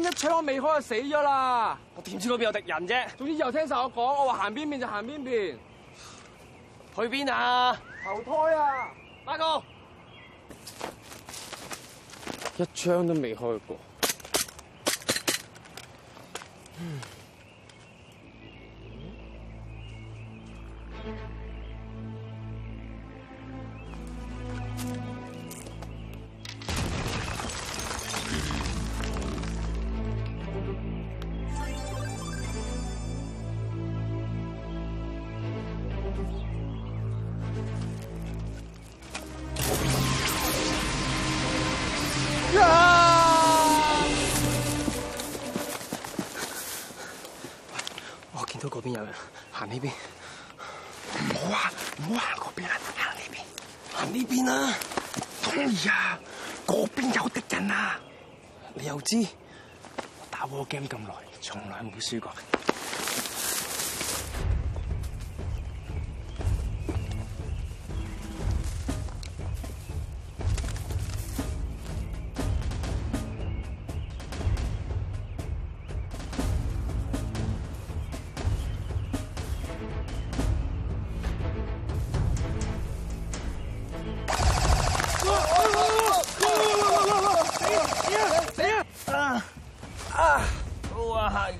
一槍未開就死咗啦！我點知嗰邊有敵人啫？總之又聽晒我講，我話行邊邊就行邊邊。去邊啊？投胎啊！大哥，一槍都未開過。嗯都嗰邊有人行呢邊，唔好啊，唔好行嗰邊啊，行呢邊，行呢邊啦 Tony 啊，嗰邊有敵人啊，你又知我打 War Game 咁耐，從來冇輸過。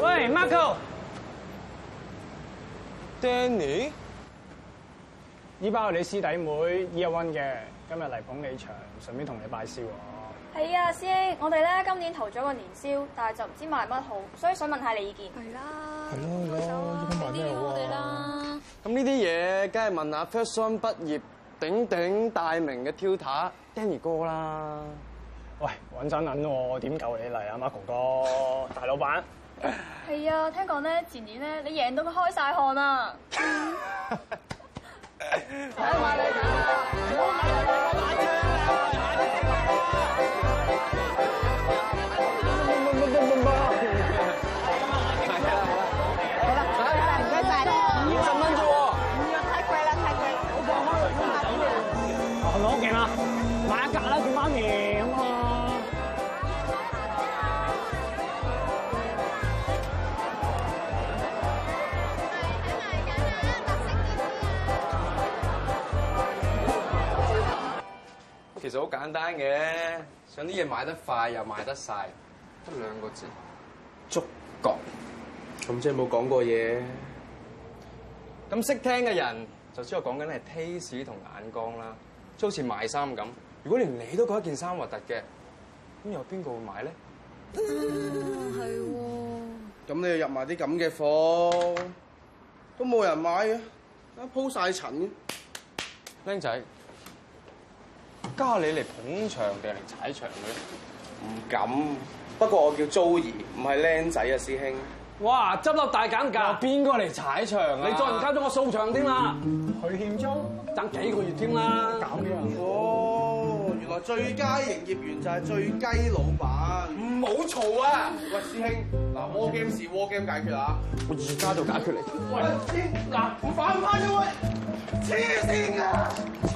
喂，Marco，Danny，呢班係你師弟妹，Year One 嘅，今日嚟捧你場，順便同你拜師。係啊，師兄，我哋咧今年投咗個年宵，但係就唔知賣乜好，所以想問下你意見。對。係、啊、啦，係咯，呢啲我哋啦。咁呢啲嘢，梗係問下 First Song 畢業鼎鼎大名嘅 Tutor Danny 哥啦。喂，搵真銀喎，點救你嚟啊 Marco 哥，大老闆。係 啊，聽講咧，前年咧，你贏到佢開晒汗啊！睇埋你打。啊啊。其實好簡單嘅，想啲嘢買得快又買得晒，得兩個字：觸覺。咁即係冇講過嘢。咁識聽嘅人就知道我講緊係 taste 同眼光啦，即好似賣衫咁。如果你連你都覺得一件衫核突嘅，咁有邊個會買咧？係、嗯、喎。咁、啊、你要入埋啲咁嘅貨，都冇人買嘅，一鋪晒塵嘅。靚仔。加你嚟捧場定係嚟踩場嘅咧？唔敢。不過我叫租兒，唔係靚仔啊，師兄。哇！執笠大減價，邊個嚟踩場啊？你再唔交咗我掃場添啦。許、呃呃呃、欠租等幾個月添啦。搞樣哦，原來最佳營業員就係最佳老闆。唔好嘈啊！喂、呃，師兄，嗱，War Game 事 War Game 解決啊！我而家就解決你。喂，師兄，嗱，反翻咗喂，黐線啊！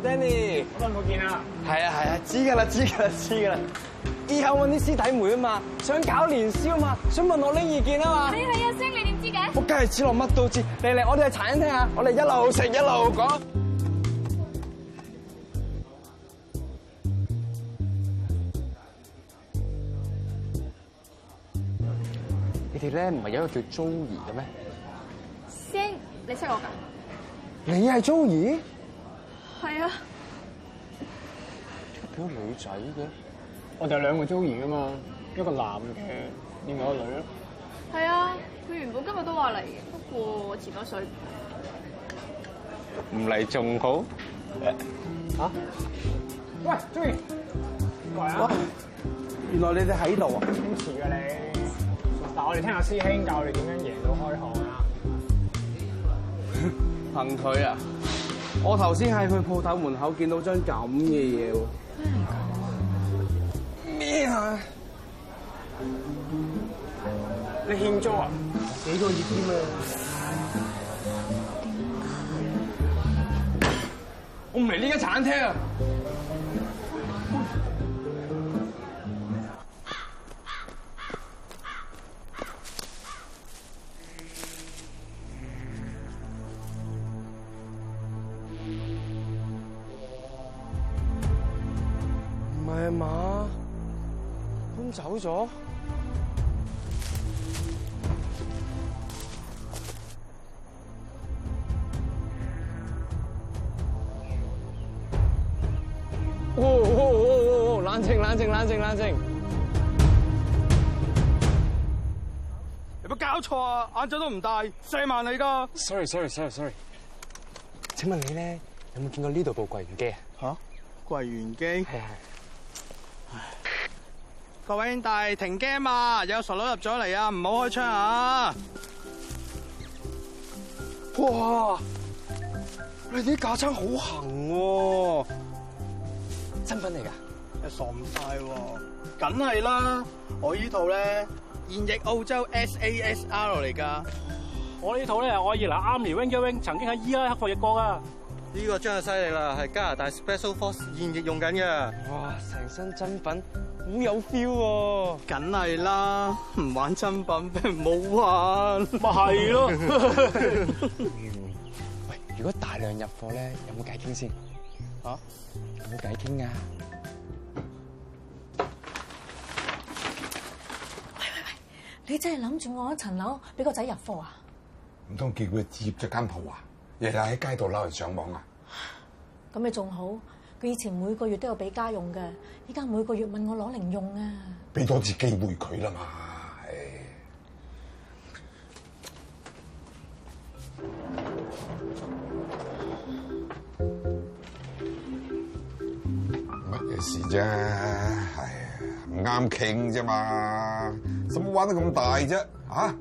Danny，好耐冇見啦。係啊係啊，知噶啦知噶啦知噶啦。以後我啲師弟妹啊嘛，想搞年宵啊嘛，想問我拎意見啊嘛。你係一星，你點知嘅？我梗係知我乜都知，你嚟，我哋茶餐廳啊，我哋一路食一路講。你哋咧唔係有一個叫 Joey 嘅咩？星，你識我噶？你係 Joey 係啊，幾多女仔嘅？我哋係兩個中二噶嘛，一個男嘅，另外一個女啊。係啊，佢原本今日都話嚟，不過我遲咗水。唔嚟仲好？吓？喂，中二，嚟啊！原來你哋喺度啊？咁遲噶你？嗱，我哋聽下師兄教我哋點樣贏到開學啊！憑佢啊！我頭先喺佢鋪頭門口見到張咁嘅嘢喎，咩啊？你欠租啊？幾個月添啊？我嚟呢間餐廳啊！有冇搞錯啊？眼罩都唔帶，四萬嚟噶！Sorry Sorry Sorry Sorry，請問你咧有冇見過呢度部櫃員機？吓？櫃員機？啊、對對對各位兄弟，停 game 啊嘛！有傻佬入咗嚟啊，唔好開槍啊！哇！你啲架槍好行喎、啊，新品嚟噶？爽晒喎，梗係啦！我呢套咧現役澳洲 SASR 嚟噶，我呢套咧可以嗱，啱嚟 wing a wing，曾經喺伊拉克服役過噶。呢個真係犀利啦，係加拿大 Special Force 現役用緊嘅。哇，成身真品，好有 feel 喎！梗係啦，唔玩真品，冇玩咪係咯。喂，如果大量入貨咧，有冇偈傾先？吓，有冇偈傾㗎！你真係諗住我一層樓俾個仔入貨啊？唔通叫佢接著間鋪啊？日日喺街度撈人上網啊？咁你仲好，佢以前每個月都有俾家用嘅，依家每個月問我攞零用啊？俾多次機會佢啦嘛，唉，乜嘢事啫？係唔啱傾啫嘛？怎麼玩得咁大啫，啊？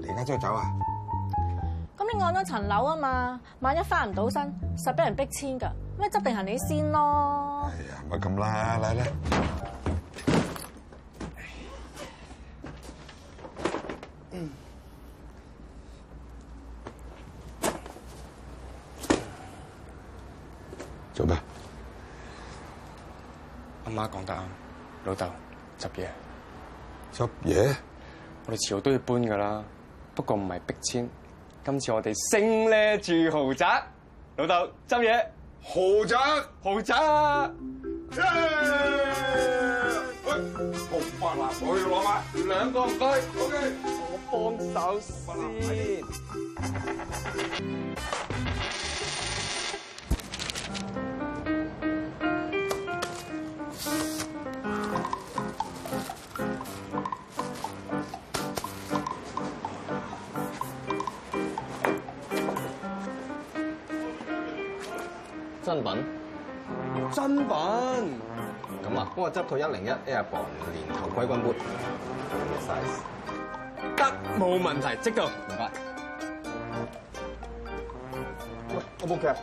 你而家即刻走啊！咁你按咗層樓啊嘛，萬一翻唔到身，實俾人逼遷噶，咩執定行李先咯？哎呀，唔好咁啦，奶奶，嗯，做咩？阿媽講得啱，老豆執嘢。執嘢，我哋遲早都要搬噶啦。不過唔係逼遷，今次我哋升呢住豪宅。老豆，執嘢，豪宅，豪宅。喂、yeah. hey. okay.，紅白藍我要攞埋，兩個唔該。我幫手先。新品，新品。咁啊，幫我執套一零一 Airborne 連頭盔軍帽，得、mm-hmm. 冇問題，即到。明白？喂，我冇腳，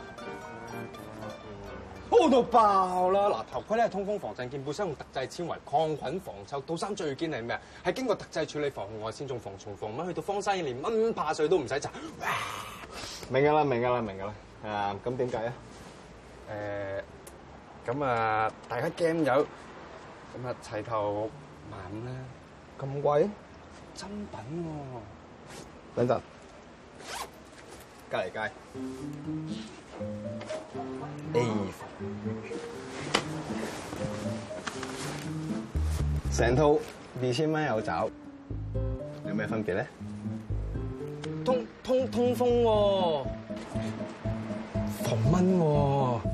好到爆啦！嗱，頭盔咧係通風防震，肩背使用特製纖維，抗菌防臭。到三最堅係咩啊？係經過特製處理防控，防紅外線，仲防蟲防蚊，去到荒山連蚊怕水都唔使搽。明噶啦，明噶啦，明噶啦。啊，咁點解啊？誒，咁啊，大家驚有，咁啊齊頭萬五啦，咁貴？真品喎，等陣，隔離街，成套二千蚊有找，有咩分別咧？通通通風喎，防蚊喎。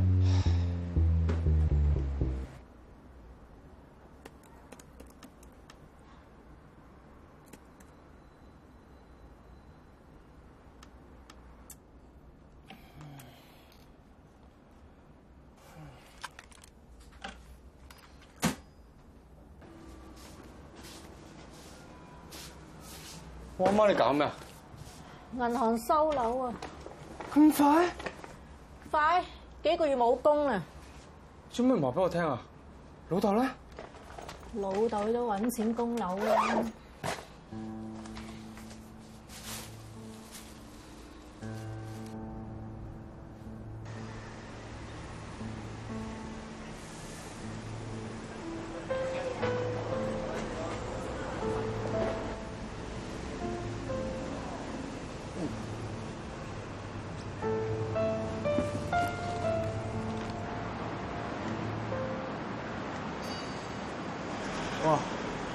我阿媽，媽你搞咩啊？銀行收樓啊！咁快？快！幾個月冇工啊？做咩唔話俾我聽啊？老豆咧？老豆都揾錢供樓啦，啊。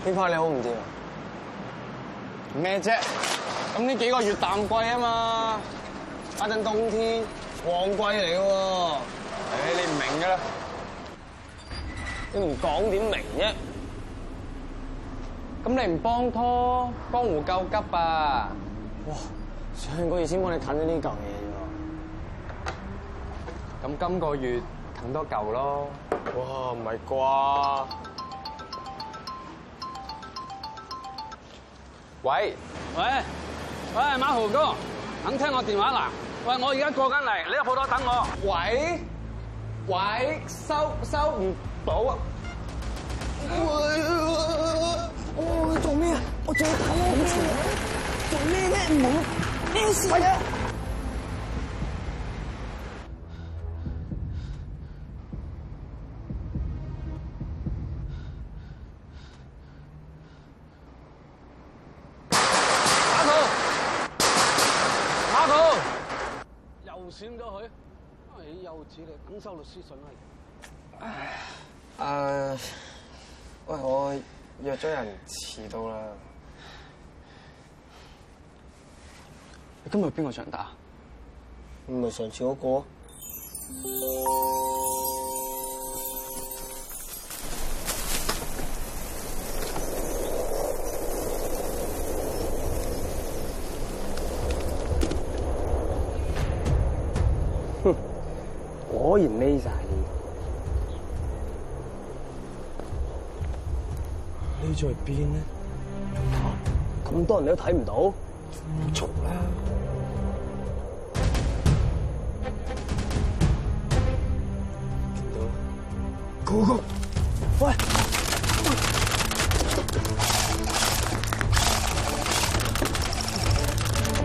呢排你好唔掂？咩啫？咁呢幾個月淡季啊嘛，一陣冬天旺季嚟嘅喎。唉，你唔明嘅啦，你唔講點明啫？咁你唔幫拖，江湖救急啊！哇！上個月先幫你揼咗呢嚿嘢啫喎，咁今個月揼多嚿咯。哇！唔係啩？喂，喂，喂，馬豪哥，肯聽我電話啦？喂，我而家過緊嚟，你喺舖頭等我，我。喂，喂，收收唔到。我我做咩？我做咩？我做咩咧？唔，事？喂！ 收律師信啊！啊，喂，我約咗人遲到啦。你今日邊個想打？唔係上次嗰、嗰個。 果然匿晒，匿在邊呢？咁多人你都睇唔到？嘈啦！Go Go，喂，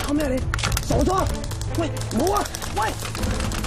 我咩？你守咗！喂，冇啊！喂。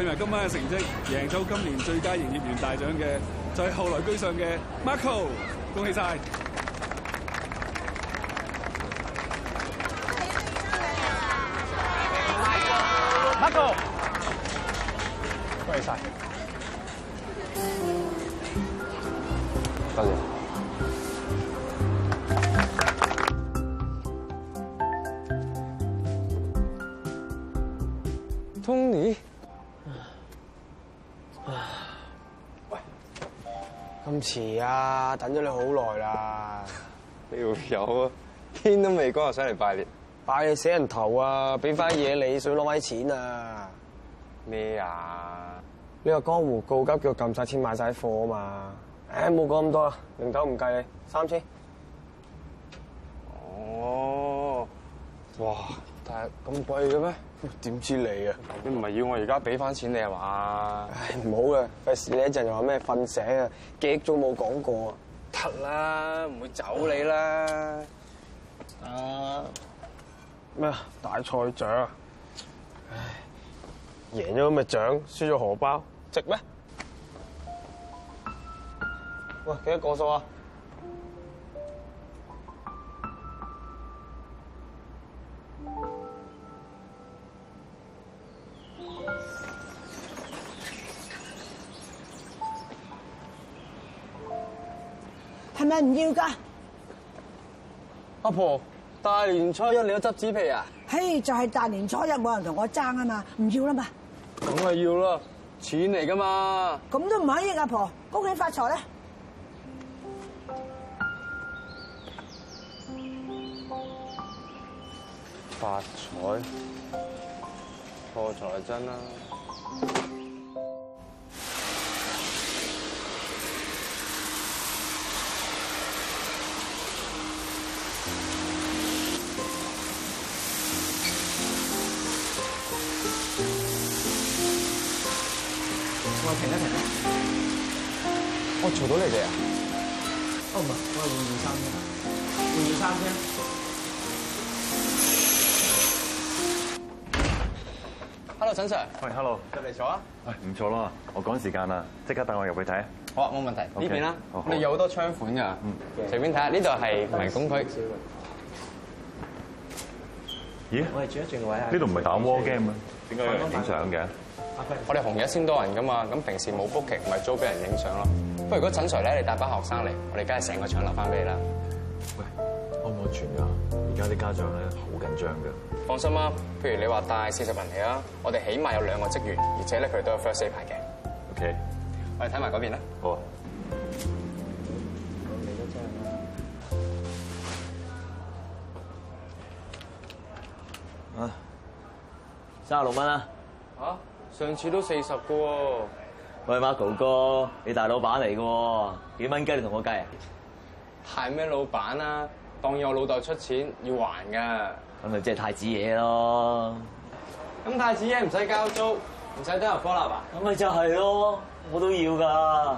慶祝今晚嘅成績，贏到今年最佳營業員大獎嘅，在、就係、後來居上嘅 Marco，恭喜曬！Marco，恭喜曬！多謝晒。喂，咁遲啊，等咗你好耐啦。你有啊，天都未光啊，上嚟拜年你。拜你死人頭啊？俾翻嘢你，想攞埋錢啊？咩啊？呢個江湖告急，叫我撳晒錢買晒貨啊嘛。誒，冇講咁多啊，零頭唔計你，三千。哦，哇，但係咁貴嘅咩？點知你啊？你唔係要我而家俾翻錢你啊嘛？唉，唔好啊，費事你一陣又話咩瞓醒啊，記憶都冇講過啊！得啦，唔會走你啦。啊？咩啊？大賽獎？唉，贏咗咁嘅獎，輸咗荷包，值咩？喂，幾多個數啊？唔係唔要噶，阿婆，大年初一你執紙皮啊？嘿、hey，就係大年初一冇人同我爭啊嘛，唔要啦嘛。咁咪要囉，錢嚟噶嘛。咁都唔可以。阿婆恭喜發財啦！發財破財係真啦。做到你哋啊！哦唔係，我係換二三聲，換二三聲。Hello，陳 Sir。喂，Hello。入嚟坐啊！喂，唔坐咯，我趕時間啊，即刻帶我入去睇啊。好啊，冇問題。呢邊啦，我哋有好多窗款噶，隨便睇下。呢度係迷宮區。咦？我哋轉一轉個位啊。呢度唔係打《War Game》啊？點解影相嘅？我哋紅日先多人噶嘛，咁平時冇 book 期，咪租俾人影相咯。不如如果診誰咧，你帶班學生嚟，我哋梗係成個場留翻俾你啦。喂，安唔安全噶？而家啲家長咧好緊張嘅。放心啦，譬如你話帶四十人嚟啊，我哋起碼有兩個職員，而且咧佢都有 first a i 牌嘅。O K，我哋睇埋嗰邊啦。好啊。啊，三十六蚊啊！啊，上次都四十個喎。喂，Marco 哥，你大老闆嚟喎，幾蚊雞你同我計啊？係咩老闆啊？當有我老豆出錢要還嘅。咁咪即係太子爺咯？咁太子爺唔使交租，唔使得入科立啊？咁咪就係咯，我都要噶。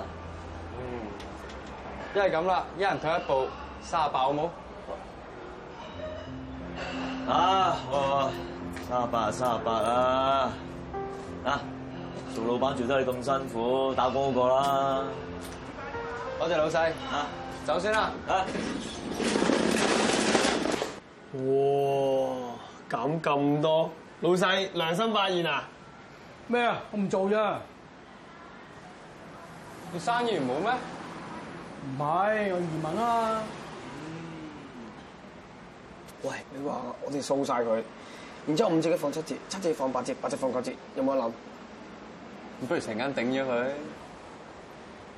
嗯，一係咁啦，一人退一步，三十八好冇？啊，好、啊，三十八，三十八啦，啊。做老闆做得你咁辛苦，打工好過啦。多謝老細嚇，走先啦嚇。哇，減咁多，老細良心發現啊？咩啊？我唔做啫。你生意唔好咩？唔係我移民啦。喂，你話我哋掃曬佢，然之後五折一放七折，七折放八折，八折放九折，有冇得諗？不如成間頂咗佢，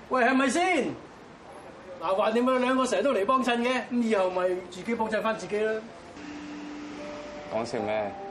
喂係咪先？嗱，話你哋兩個成日都嚟幫襯嘅，咁以後咪自己幫襯自己啦。講笑咩？